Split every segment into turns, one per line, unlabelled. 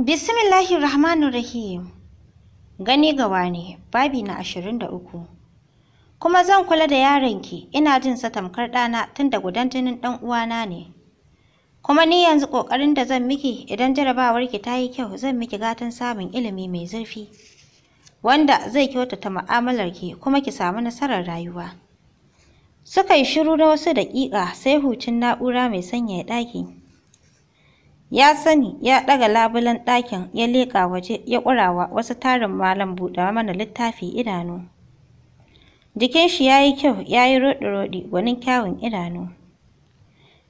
bismillahi Rahmanu Rahim. Gani gawa ne, babi na uku. Kuma zan kula da yaronki, ina jin sa tamkar ɗana tunda gudan jinin ɗan uwana ne. Kuma ni yanzu ƙoƙarin da zan miki idan jarabawarki ta yi kyau zan miki gatan samun ilimi mai zurfi. Wanda zai kyautata mu'amalarki kuma ki samu nasarar rayuwa. Suka yi shiru na wasu daƙiƙa sai hucin na'ura mai sanyaya ɗaki. Ya sani, ya ɗaga labulen ɗakin, ya leƙa waje, ya ƙurawa wasu tarin malam buɗe mana littafi idanu. Jikin shi ya yi kyau, ya yi roɗi-roɗi, gwanin kyawun idanu.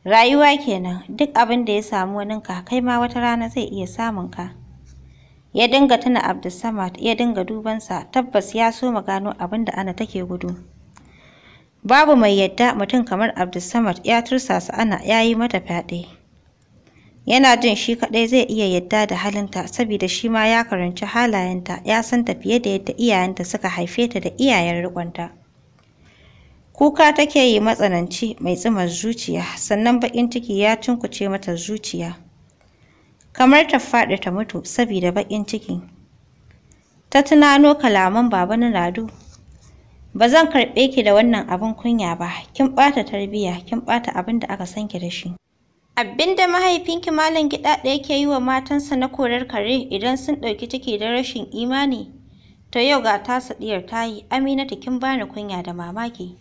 Rayuwa kenan, duk abin da ya samu waninka, kai ma wata rana zai iya samun ka. Ya dinga tuna Abdulsamad, ya dinga dubansa, tabbas ya so mu gano abin da Ana take gudu. Babu mai yadda mutum kamar Abdulsamad ya tursasa Ana ya yi mata fyaɗe. yana jin shi kaɗai zai iya yadda da halinta saboda shi ma ya karanci halayenta ya san ta fiye da yadda iyayenta suka haife ta da iyayen rikonta kuka take yi matsananci mai tsimar zuciya sannan baƙin ciki ya cinkuce mata zuciya kamar ta faɗi ta mutu saboda baƙin ciki ta tunano kalaman baba na Ladu. ba zan karɓe ki da wannan abin kunya ba kin ɓata tarbiyya kin ɓata abin da aka san ki da shi Abin Abinda mahaifinki Malam Gidado yake yi wa matansa na korar kare idan sun ɗauki ciki da rashin imani, to yau ga tasa ɗiyar tayi, Aminatu kin bani kunya da mamaki.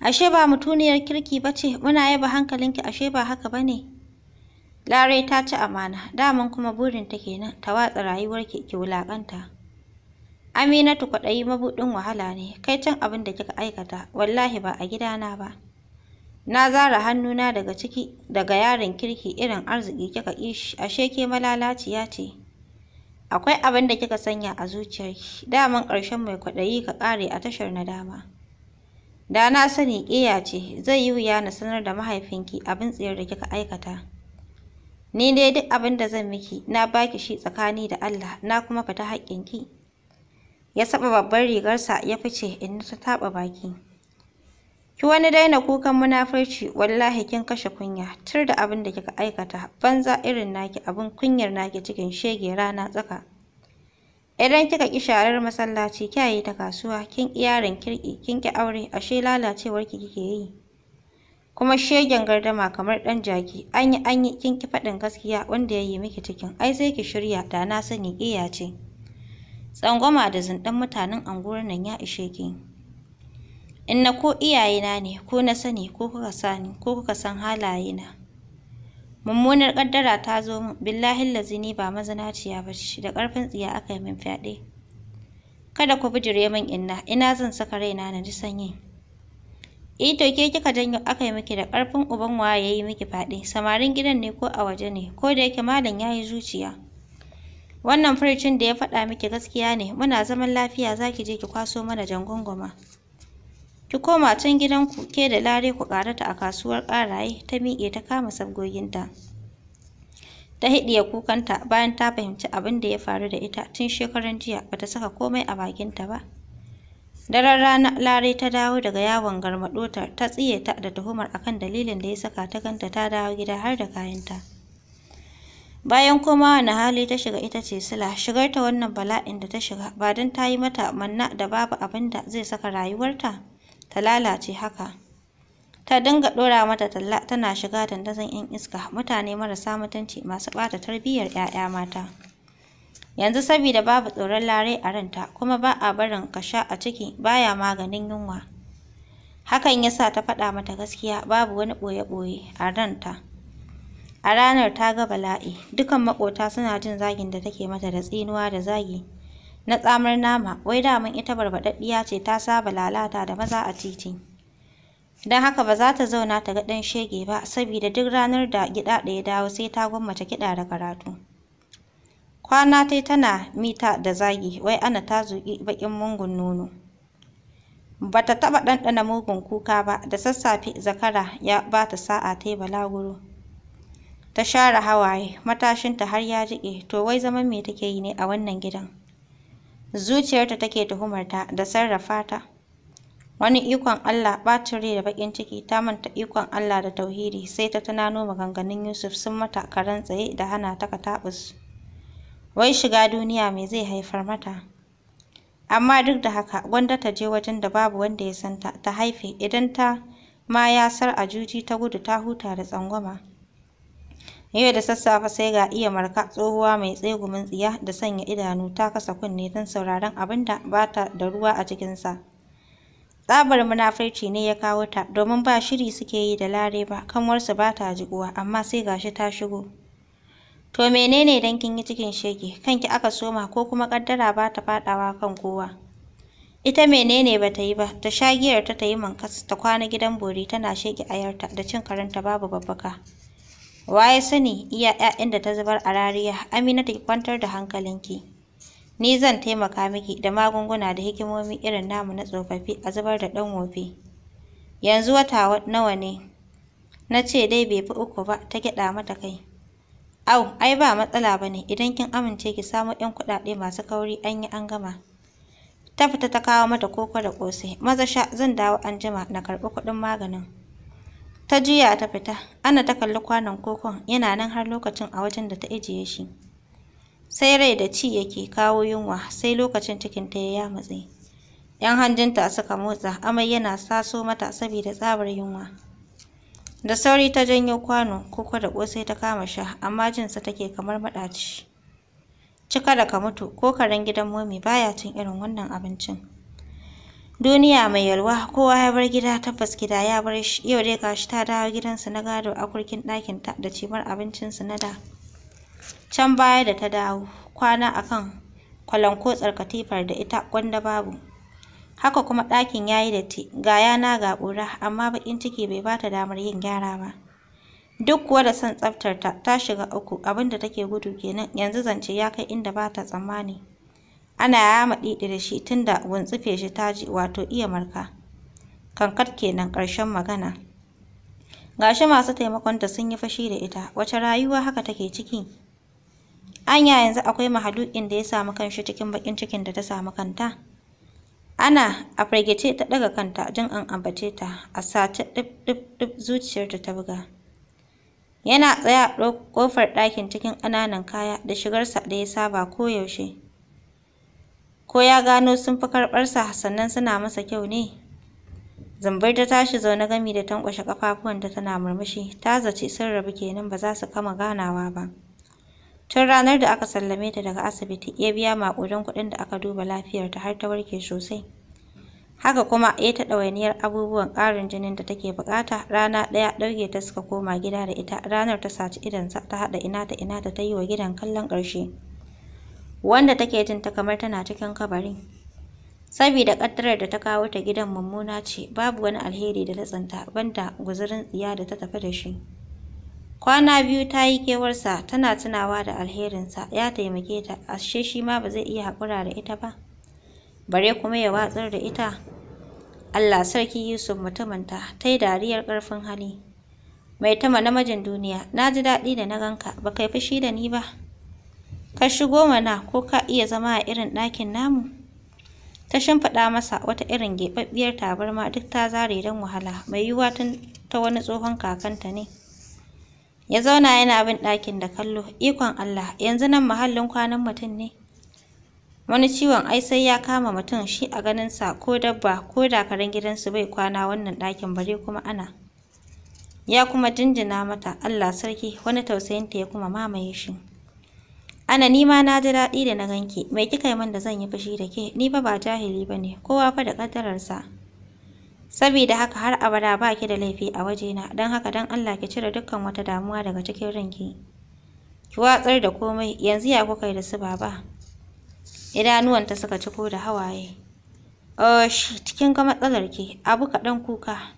Ashe ba mutuniyar kirki ba ce, muna yaba hankalinki ashe ba haka ba ne. Larai ta ci amana, daman kuma burin burinta kenan ta watsa rayuwarki ki wulaƙanta. Aminatu kwaɗayi mabuɗin wahala ne, kai can abin da kika aikata, wallahi ba a gidana ba. Na zara hannuna daga ciki daga yaron kirki irin arziki kika ishi ashe ke malalaciya ce. Akwai abin da kika sanya a zuciyarki daman ƙarshen mai kwaɗayi ka ƙare a tashar nadama. Da na sani ƙiya ce zai yi wuya na sanar da mahaifinki abin tsayar da kika aikata. Ni dai duk abin da zan miki na baki shi tsakani da Allah na kuma fita ki. Ya saba babbar rigarsa ya fice in ta taɓa baki. Ki wani daina kukan munafurci, wallahi kin kashe kunya, tur da abin da kika aikata, banza irin naki abin kunyar naki cikin shege rana tsaka. Idan kika ki sharar masallaci, kya ta kasuwa, kin ki kirki, kin ki aure, ashe lalacewar ki kike yi. Kuma shegen gardama kamar ɗan jaki, an anyi an kin ki faɗin gaskiya wanda ya yi miki cikin, ai sai ki shirya da na sani iya ce. Tsangwama da zindan mutanen anguwar nan ya ishe ki. Inna ko iyayena ne, ko na sani, ko kuka sani, ko kuka san halayena. Mummunar ƙaddara ta zo min, billahi lazini ba mazinaciya ba ce, da ƙarfin tsiya aka yi min fyaɗe. Kada ku bijire min inna, ina zan saka raina na ji sanyi. E, to ke kika janyo aka yi miki da ƙarfin uban waye ya yi miki fyaɗe, samarin gidan ne ko a waje ne, ko da yake malam ya yi zuciya. Wannan furicin da ya faɗa miki gaskiya ne, muna zaman lafiya za ki je ki kwaso mana jangunguma. ki koma can ku ke da lare ku ƙarata a kasuwar ƙaraye ta miƙe ta kama sabgoginta ta hiɗiye kukanta bayan ta fahimci abin da ya faru da ita tun shekaran jiya bata saka komai a bakinta ba daren rana lare ta dawo daga yawon garmaɗotar ta tsiye ta da tuhumar akan dalilin da ya saka ta ganta ta dawo gida har da kayanta bayan koma wani hali ta shiga ita ce sila shigar ta wannan bala'in da ta shiga ba don ta yi mata manna da babu abin da zai saka rayuwarta ta lalace haka ta dinga ɗora mata talla tana shiga dandazon 'yan iska mutane marasa mutunci masu ɓata tarbiyyar 'ya'ya mata yanzu saboda babu tsoron larai a ranta kuma ba a barin ka a ciki baya maganin yunwa hakan yasa ta faɗa mata gaskiya babu wani ɓoye-ɓoye a ranta a ranar ta ga bala'i dukan maƙota suna jin zagin da take mata da tsinuwa da zagi na tsamar nama wai daman ita barbaɗaɗɗiya ce ta saba lalata da maza a titi don haka ba za ta zauna ta ga ɗan shege ba saboda duk ranar da gida ɗaya dawo sai ta gwammace kiɗa da karatu kwana tai tana mita da zagi wai ana ta zuƙi baƙin mungun nono ba ta taɓa ɗanɗana mugun kuka ba da sassafe zakara ya ba ta sa'a tai balaguro ta share hawaye matashinta har ya jiƙe to wai zaman me take yi ne a wannan gidan zuciyarta take tuhumarta da sarrafa ta wani ikon Allah ɓacin rai da baƙin ciki ta manta ikon Allah da tauhidi sai ta tunano maganganun Yusuf sun mata karan tsaye da hana ta kataɓus wai shiga duniya me zai haifar mata amma duk da haka gwanda ta je wajen da babu wanda ya santa ta haife idan ta ma ya sar a juji ta gudu ta huta da tsangwama Yau da sassafe sai ga iya marka tsohuwa mai tsegumin tsiya da sanya idanu ta kasa kunne don sauraron abin da ba ta da ruwa a cikinsa. Tsabar munafurci ne ya kawo ta domin ba shiri suke yi da lare ba, kanwarsu ba ta jiguwa amma sai gashi ta shigo. To menene dan kin yi cikin shege, kanki aka soma ko kuma kaddara ba ta fadawa kan kowa. Ita menene ba ta yi ba, ta sha giyar ta ta yi mankas ta kwana gidan bori tana a ayarta da cin karanta babu babbaka. Wa ya sani iya ‘ya'yan da ta zubar a rariya, ta ki kwantar da hankalinki. Ni zan taimaka miki da magunguna da hikimomi irin namu na tsofaffi a zubar da ɗan wofi. Yanzu wata nawa ne? Na ce dai bai fi uku ba ta gyaɗa mata kai. Au, ai ba matsala ba ne idan kin amince ki samo ‘yan kuɗaɗe masu kauri an yi an gama. Ta fita ta kawo mata koko da ƙosai, maza sha zan dawo anjima na karɓi kuɗin maganin. Ta juya ta fita. Ana ta kalli kwanon kokon yana nan har lokacin a wajen da ta ajiye shi. Sai rai da ci yake kawo yunwa sai lokacin cikin ta ya matse. ‘Yan hanjinta suka motsa, amai yana saso mata saboda tsabar yunwa. Da sauri ta janyo kwano, koko da ƙosai ta kama sha, amma jinsa take kamar maɗaci. Cika da ka mutu, ko karen gidan momi baya cin irin wannan abincin. duniya mai yalwa kowa ya bar gida tabbas gida ya bar shi yau dai gashi ta dawo gidansu na gado a kurkin ɗakin ta da cimar abincinsu na da can baya da ta dawo kwana akan kwalankotsar katifar da ita gwanda babu haka kuma ɗakin ya yi datti ga yana ga ƙura amma baƙin ciki bai bata damar yin gyara ba duk kuwa da son tsaftar ta ta shiga uku abinda take gudu kenan yanzu zance ya kai inda bata tsammani ana yama ɗiɗi da shi tunda guntsufe shi ta ji wato iya marka kankar kenan ƙarshen magana gashi masu taimakonta sun yi fashi da ita wace rayuwa haka take ciki anya yanzu akwai mahalukin da ya samu kanshi cikin baƙin cikin da ta samu kanta ana a firgice ta ɗaga kanta jin an ambace ta a sace ɗib ɗib ɗib zuciyarta ta buga yana tsaya a ƙofar ɗakin cikin ƙananan kaya da shigarsa da ya saba koyaushe ko ya gano sun fi karɓarsa sannan suna masa kyau ne zambar ta tashi zaune gami da tankwashe da tana murmushi ta zace sun rabu kenan ba za su kama ganawa ba tun ranar da aka sallame ta daga asibiti ya biya maƙudan kuɗin da aka duba lafiyarta har ta warke sosai haka kuma ya ta ɗawainiyar abubuwan ƙarin jinin da take buƙata rana ɗaya ɗauke ta suka koma gida da ita ranar ta saci idonsa ta haɗa ina ta ina ta ta yi wa gidan kallon ƙarshe wanda take jin ta kamar tana cikin kabari. Sabida ƙaddarar da ta kawo ta gidan mummuna ce, babu wani alheri da ta tsinta banda guzurin tsiya da ta tafi da shi. Kwana biyu ta yi kewarsa, tana tunawa da alherinsa, ya taimake ta, ashe shi ma ba zai iya haƙura da ita ba. Bare kuma ya watsar da ita. Allah sarki Yusuf mutuminta, ta yi dariyar ƙarfin hali. Mai tama namijin duniya, na ji daɗi da na ganka, ba kai fushi da ni ba. Ka shigo mana ko ka iya zama a irin ɗakin namu? Ta shimfiɗa masa wata irin geɓaɓɓiyar tabarma duk ta zare don wahala, mai yiwuwa tun ta wani tsohon kakanta ne. Ya zauna yana bin ɗakin da kallo, ikon Allah, yanzu nan muhallin kwanan mutum ne. Wani ciwon ai sai ya kama mutum shi a ganinsa ko dabba ko da karen gidansu bai kwana wannan ɗakin bare kuma ana. Ya kuma jinjina mata, Allah sarki, wani tausayinta ya kuma mamaye shi. Ana ni ma na ji daɗi da na ganki. Mai kika yi min da zan yi fushi da ke? Ni fa ba jahili ba ne, kowa fa da ƙaddararsa. Saboda haka har abada ba ki da laifi a wajena, don haka don Allah ki cire dukkan wata damuwa daga cikin ranki. Ki watsar da komai, yanzu ya kuka yi da su baba. Idanuwanta suka ciko da hawaye. Osh, cikin ga ki. abu kaɗan kuka.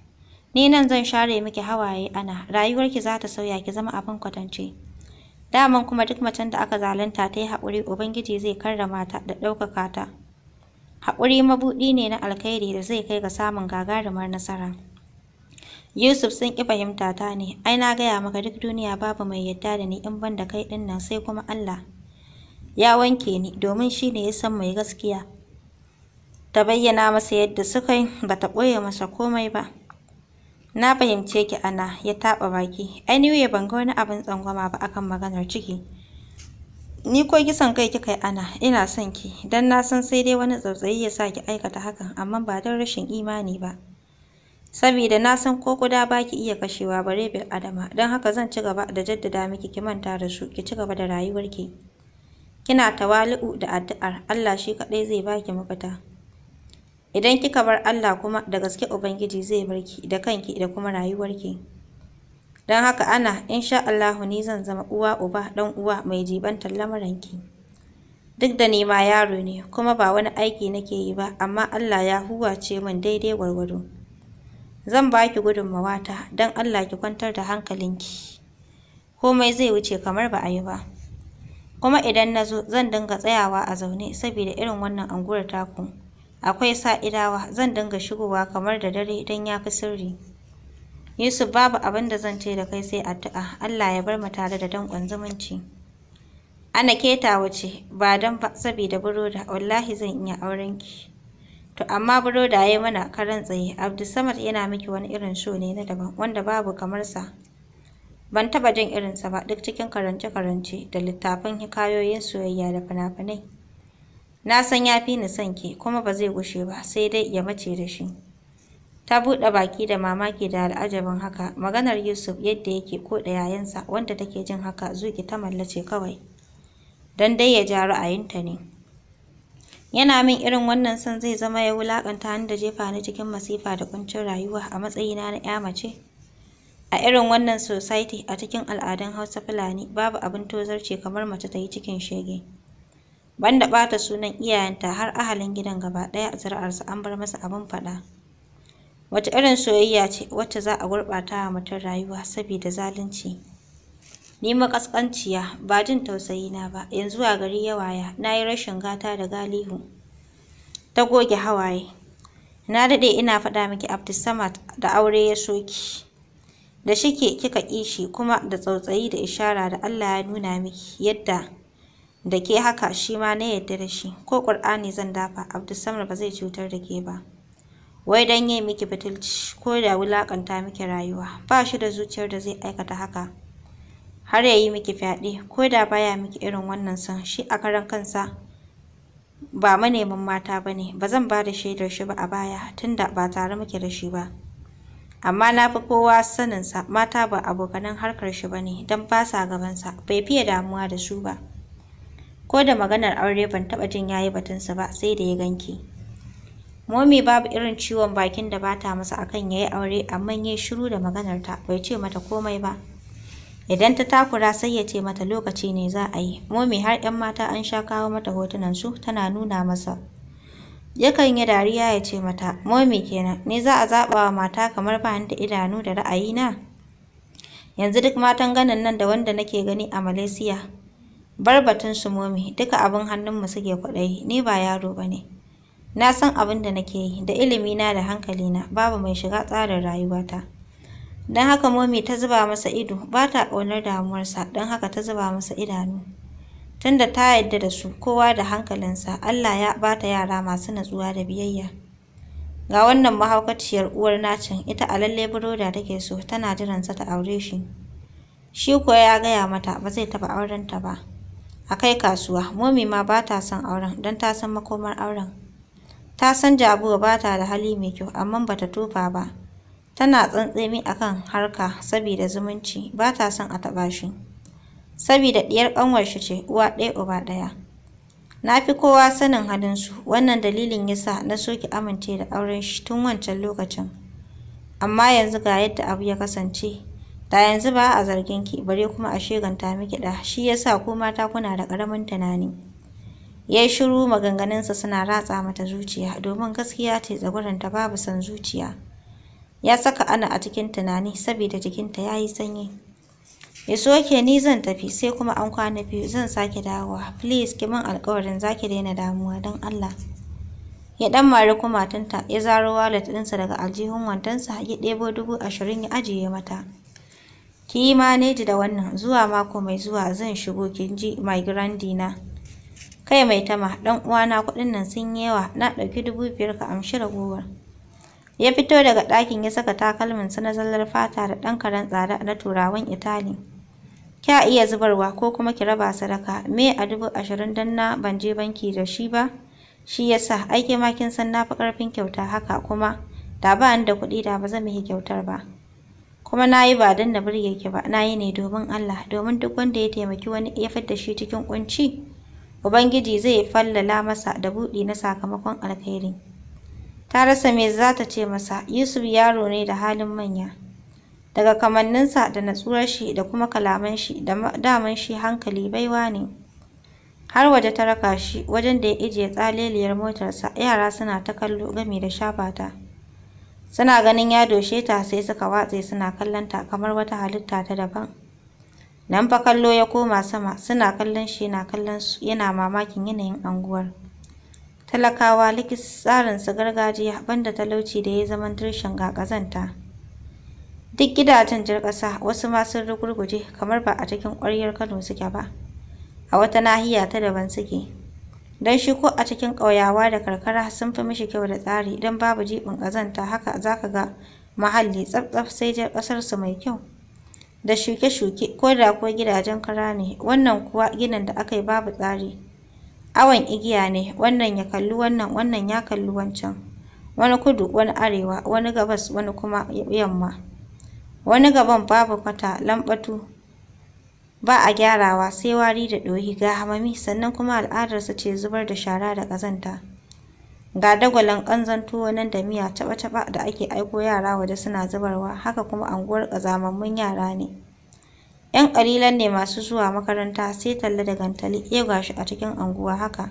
Ni nan zan share miki hawaye ana, rayuwarki za ta sauya ki zama abin kwatance. Daman kuma duk macen da aka zalunta ta yi haƙuri Ubangiji zai karrama ta da ɗaukaka ta. Haƙuri mabuɗi ne na alkhairi da zai kai ga samun gagarumar nasara. Yusuf sun ƙi fahimta ta ne, ai na gaya maka duk duniya babu mai yadda da ni in ban da kai ɗin nan sai kuma Allah. Ya wanke ni domin shi ne ya san mai gaskiya. Ta bayyana masa yadda suka yi ba ta ɓoye masa komai ba. Na fahimce ki ana ya taɓa baki. Anyway ban ga wani abin tsangwama ba akan maganar ciki. Ni ko kisan kai kika yi ana ina son ki dan na san sai dai wani tsautsayi ya sa ki aikata hakan amma ba don rashin imani ba. Saboda na san ko kuda ba ki iya kashewa bare bil adama don haka zan ci gaba da jaddada miki ki manta da su ki ci gaba da rayuwarki. Kina tawali'u da addu'ar Allah shi kaɗai zai baki mafita. idan kika bar Allah kuma da gaske Ubangiji zai bar ki da kanki da kuma rayuwarki don haka ana insha Allahu ni zan zama uwa uba dan uwa mai jibantar lamuranki duk da nima yaro ne kuma ba wani aiki nake yi ba amma Allah ya huwace min daidai gwargwado zan baki gudunmawata don Allah ki kwantar da hankalinki komai zai wuce kamar ba a yi ba kuma idan na zo zan dinga tsayawa a zaune saboda irin wannan anguwar taku Akwai sa'idawa zan dinga shigowa kamar da dare idan ya fi sirri. Yusuf babu abin da zan ce da kai sai addu'a Allah ya bar mu tare da danƙon zumunci. Ana keta wace ba don ba saboda buroda wallahi zan iya aurenki.' To amma buroda ya yi mana karan tsaye Abdulsamad yana miki wani irin so ne na daban wanda babu kamar sa. Ban taba jin irinsa ba duk cikin karance-karance da littafin hikayoyin soyayya da fina-finai. Na san ya fi ni son ki kuma ba zai gushe ba sai dai ya mace da shi. Ta buɗe baki da mamaki da al'ajabin haka maganar Yusuf yadda yake ko da yayansa wanda take jin haka zuki ta mallace kawai. Dan dai ya ja ra'ayinta ne. Yana min irin wannan son zai zama ya wulakanta ni da jefa ni cikin masifa da kuncin rayuwa a matsayina na ƴa mace. A irin wannan society a cikin al'adun Hausa Fulani babu abin tozarci kamar mace ta yi cikin shege. banda ɓata sunan iyayenta har ahalin gidan gaba ɗaya a zuri'arsa an bar masa abin faɗa wata irin soyayya ce wacce za a gurɓata wa mutum rayuwa saboda zalunci ni makaskanciya ba jin tausayi na ba yanzu a gari ya waya na yi rashin gata da galihu ta goge hawaye na daɗe ina faɗa miki Abdulsamad da aure ya soki da shike kika ƙi kuma da tsautsayi da ishara da Allah ya nuna miki yadda da ke haka shi ma na yarda da shi ko ƙur'ani zan dafa abdulsamar ba zai cutar da ke ba wai dan yi miki fitilci, ko da wulaƙanta miki rayuwa ba shi da zuciyar da zai aikata haka har ya yi miki fyaɗe ko da baya miki irin wannan son shi a karan kansa ba manemin mata ba ne ba zan ba da shaidar shi ba a baya tunda ba tare muke da shi ba amma na fi kowa saninsa mata ba abokanan harkar shi ba ne don ba sa gabansa bai fiye damuwa da su ba ko da maganar aure ban taɓa jin ya yayi batunsa ba sai da ya ganki momi babu irin ciwon bakin da bata masa akan yi aure amma yi shiru da maganar ta bai ce mata komai ba idan ta takura sai ya ce mata lokaci ne za a yi momi har yan mata an sha kawo mata hotunan su tana nuna masa yakan yi dariya ya ce mata momi kenan ni za a zaɓa wa mata kamar ba da idanu da ra'ayi na yanzu duk matan ganin nan da wanda nake gani a malaysia bar batun su momi duka abin hannun mu suke kwaɗayi ni ba yaro ba ne na san abin da nake yi da ilimi na da hankali na, babu mai shiga tsarin rayuwata don haka momi ta zuba masa ido ba ta ƙaunar damuwarsa don haka ta zuba masa idanu tunda ta yadda da su kowa da hankalinsa Allah ya bata yara masu natsuwa da biyayya ga wannan mahaukaciyar uwar nacin ita a lalle buroda take so tana jiransa ta aure shi shi kuwa ya gaya mata ba zai taɓa aurenta ba a kai kasuwa. Momi ma ba ta son auren don ta san makomar auren. Ta san Jabuwa ba ta da hali mai kyau amma ba ta tofa ba. Tana tsantsami a kan harka saboda zumunci ba ta son a taɓa shi. Saboda ɗiyar ƙanwar shi ce uwa ɗaya uba ɗaya. Na fi kowa sanin halinsu, wannan dalilin ya sa na so ki amince da auren shi tun wancan lokacin. Amma yanzu ga yadda abu ya kasance. Da yanzu ba a zargin ki bare kuma a sheganta miki da shi yasa ko mata kuna da ƙaramin tunani. Ya yi shiru maganganunsa suna ratsa mata zuciya domin gaskiya ce tsagwaranta babu son zuciya. Ya saka ana a cikin tunani saboda jikinta ya yi sanyi. Ya soke ni zan tafi sai kuma an kwana biyu zan sake dawowa. Please ki min alƙawarin za ki daina damuwa don Allah. ya ɗan mari kumatunta ya zaro walet ɗinsa daga aljihun wandonsa ya ɗebo dubu ashirin ya ajiye mata. ki yi maneji da wannan zuwa mako mai zuwa zan shigo kin ji my grandi na kai mai tama dan uwana kuɗin nan sun yi yawa na ɗauki dubu biyar ka amshi ragowar ya fito daga ɗakin ya saka takalminsa na zallar fata da ɗan karen tsada na turawan itali kya iya zubarwa ko kuma ki raba sadaka me a dubu ashirin dan na ban je banki da shi ba shi yasa aike ma kin san na fi ƙarfin kyauta haka kuma da ba ni da kuɗi da ba zan miki kyautar ba kuma na yi ba don na burge ki ba na yi ne domin Allah domin duk wanda ya taimaki wani ya fidda shi cikin kunci ubangiji zai fallala masa da buɗi na sakamakon alkhairi ta rasa me za ta ce masa yusuf yaro ne da halin manya daga kamanninsa da natsuwar shi da kuma kalaman shi da daman shi hankali baiwa ne har waje ta raka shi wajen da ya ijiye tsaleliyar motarsa yara suna ta kallo game da shafata Suna ganin ya doshe ta sai suka watse suna kallon ta kamar wata halitta ta daban. Nan fa kallo ya koma sama suna kallon shi na kallon su yana mamakin yanayin anguwar. Talakawa likis su gargajiya banda talauci da ya zama ga gagazanta. Duk gidajen jar ƙasa wasu ma sun rugurguje kamar ba a cikin ƙwaryar Kano suke ba, a wata nahiya ta daban suke. don shi ko a cikin ƙauyawa da karkara sun fi mishi kyau da tsari don babu jibin ƙazanta haka za ka ga muhalli tsaf sai jar ƙasarsu mai kyau da shuke-shuke ko da ko gidajen kara ne wannan kuwa ginin da aka yi babu tsari awon igiya ne wannan ya kalli wannan wannan ya kalli wancan wani kudu wani arewa wani gabas wani kuma yamma wani gaban babu kwata lambatu ba a gyarawa sai wari da ɗohi ga hamami sannan kuma al'adarsa ce zubar da shara da ƙazanta ga dagwalon ƙanzon tuwo nan da miya taɓa-taɓa da ake aiko yara waje suna zubarwa haka kuma anguwar ƙazamammun yara ne ‘yan ƙalilan ne masu zuwa makaranta sai talla da gantali ya eh, shi a cikin anguwa haka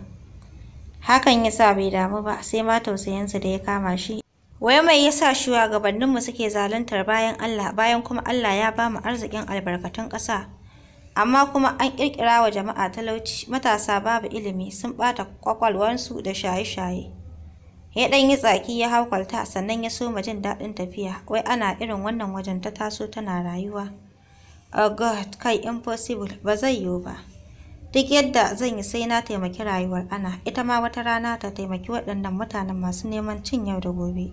hakan ya sa bai damu ba sai ma tausayinsa da ya kama shi wai mai yasa shuwagabanninmu suke zaluntar bayan Allah bayan kuma Allah ya ba mu arzikin albarkatun ƙasa amma kuma an ƙirƙira wa jama'a talauci matasa babu ilimi sun ɓata ƙwaƙwalwarsu da shaye-shaye
ya ɗan yi tsaki
ya haukwalta sannan ya soma jin daɗin tafiya wai ana irin wannan wajen ta taso tana rayuwa oh god kai impossible ba zai yiwu ba duk yadda zan yi sai na taimaki rayuwar ana ita ma wata rana ta taimaki waɗannan mutanen masu neman cin yau da gobe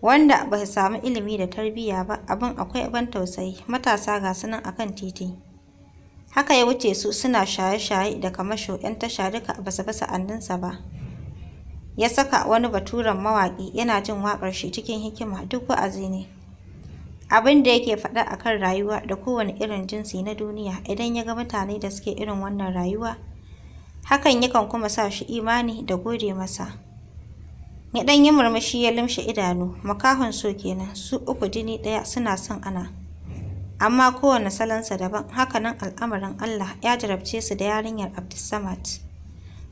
wanda ba su samu ilimi da tarbiyya ba abin akwai ban tausayi matasa ga sunan a akan titi Haka ya wuce su suna shaye-shaye da kamasho 'yan tasha duka ba su sa'anninsa ba. Ya saka wani baturan mawaƙi yana jin waƙar shi cikin hikima duk wa'azi ne. Abin da yake faɗa a kan rayuwa da kowane irin jinsi na duniya idan ya ga mutane da suke irin wannan rayuwa, hakan yakan kuma sa shi imani da gode masa. Ya ɗan yi murmushi ya limshe idanu, makahon so kenan, su uku jini ɗaya suna son ana. amma kowane salansa daban hakanan al'amarin Allah ya jarabce su da yarinyar Abdulsamad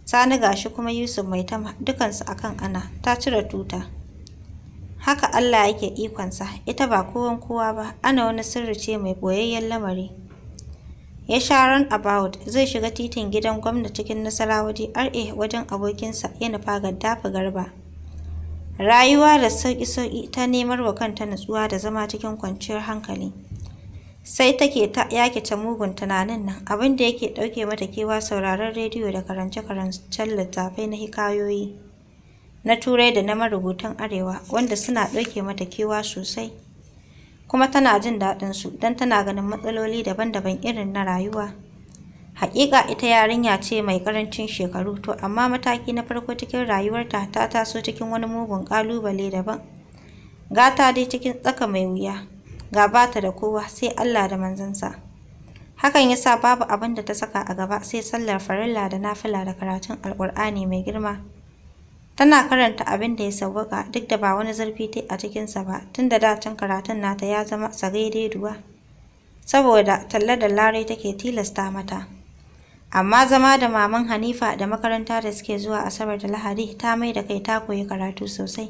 Sani ga shi kuma Yusuf mai tama dukansu akan ana ta cire tuta haka Allah yake ikonsa ita ba kowan kowa ba ana wani sirri ce mai boyayyen lamari ya sha ran about zai shiga titin gidan gwamna cikin nasarawa ra wajen abokinsa ya fagar dafa garba rayuwa da sauƙi-sauƙi ta nemar wa kanta natsuwa da zama cikin kwanciyar hankali sai take ta yakice mugun tunanin nan abin da yake dauke mata kewa sauraron rediyo da karance-karancen littafai na hikayoyi na turai da na marubutan arewa wanda suna dauke mata kewa sosai kuma tana jin daɗin su don tana ganin matsaloli daban-daban irin na rayuwa haƙiƙa ita yarinya ce mai ƙarancin shekaru to amma mataki na farko cikin rayuwarta ta taso cikin wani mugun ƙalubale daban gata dai cikin tsaka mai wuya ga bata da kowa sai Allah da manzansa hakan ya sa babu abin da ta saka a gaba sai sallar farilla da nafila da karatun alkur'ani mai girma tana karanta abin da ya sauwaka duk da ba wani zurfi ta a cikinsa ba tun da dacin karatun nata ya zama sagaidai duwa saboda talla da larai take tilasta mata amma zama da maman hanifa da makaranta da suke zuwa asabar da lahadi ta mai da kai ta koyi karatu sosai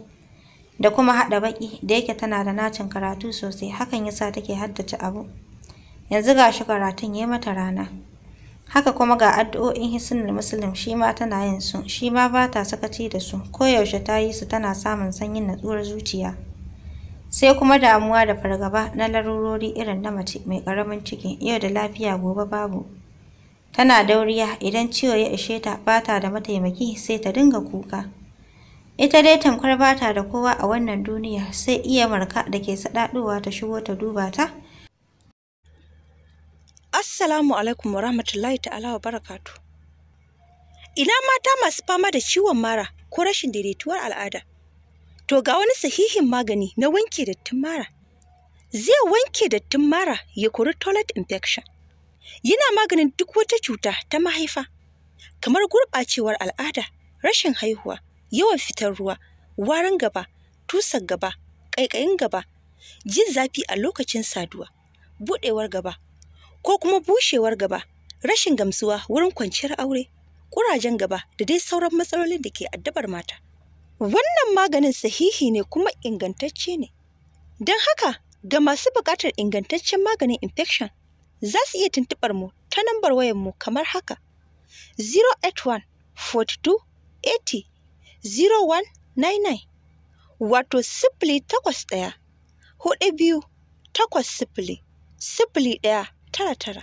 da kuma haɗa baƙi da yake tana da nacin karatu sosai hakan yasa take haddace abu yanzu ga shi karatun ya mata rana haka kuma ga addu'o'in hisnul muslim shi ma tana yin su shi ma ba ta sakaci da su koyaushe ta yi su tana samun sanyin natsuwar zuciya sai kuma damuwa da fargaba na larurori irin na mace mai ƙaramin ciki yau da lafiya gobe babu tana dauriya idan ciwo ya ishe ta ba ta da mataimaki sai ta dinga kuka Ita dai tamkar ba da kowa a wannan duniya sai iya marka da ke saɗaɗowa ta shigo ta duba ta. Assalamu alaikum wa rahmatullahi ta'ala wa barakatu. Ina mata masu fama da ciwon mara ko rashin daidaituwar al'ada. To ga wani sahihin magani na wanke dattin mara. Zai wanke dattin mara ya kori toilet infection. Yana maganin duk wata cuta ta mahaifa, kamar gurɓacewar al'ada, rashin haihuwa, yawan fitar ruwa, warin gaba, tusan gaba, ƙaiƙayin gaba, jin zafi a lokacin saduwa, buɗewar gaba, ko kuma bushewar gaba, rashin gamsuwa wurin kwanciyar aure, ƙurajen gaba da dai sauran matsalolin da ke addabar mata. Wannan maganin sahihi ne kuma ingantacce ne. Don haka, ga masu buƙatar ingantaccen maganin infection, za su iya tuntuɓar mu ta nambar wayanmu kamar haka: 081 42 80 0199 wato sifili takwas ɗaya hudu biyu takwas sifili sifili ɗaya tara tara.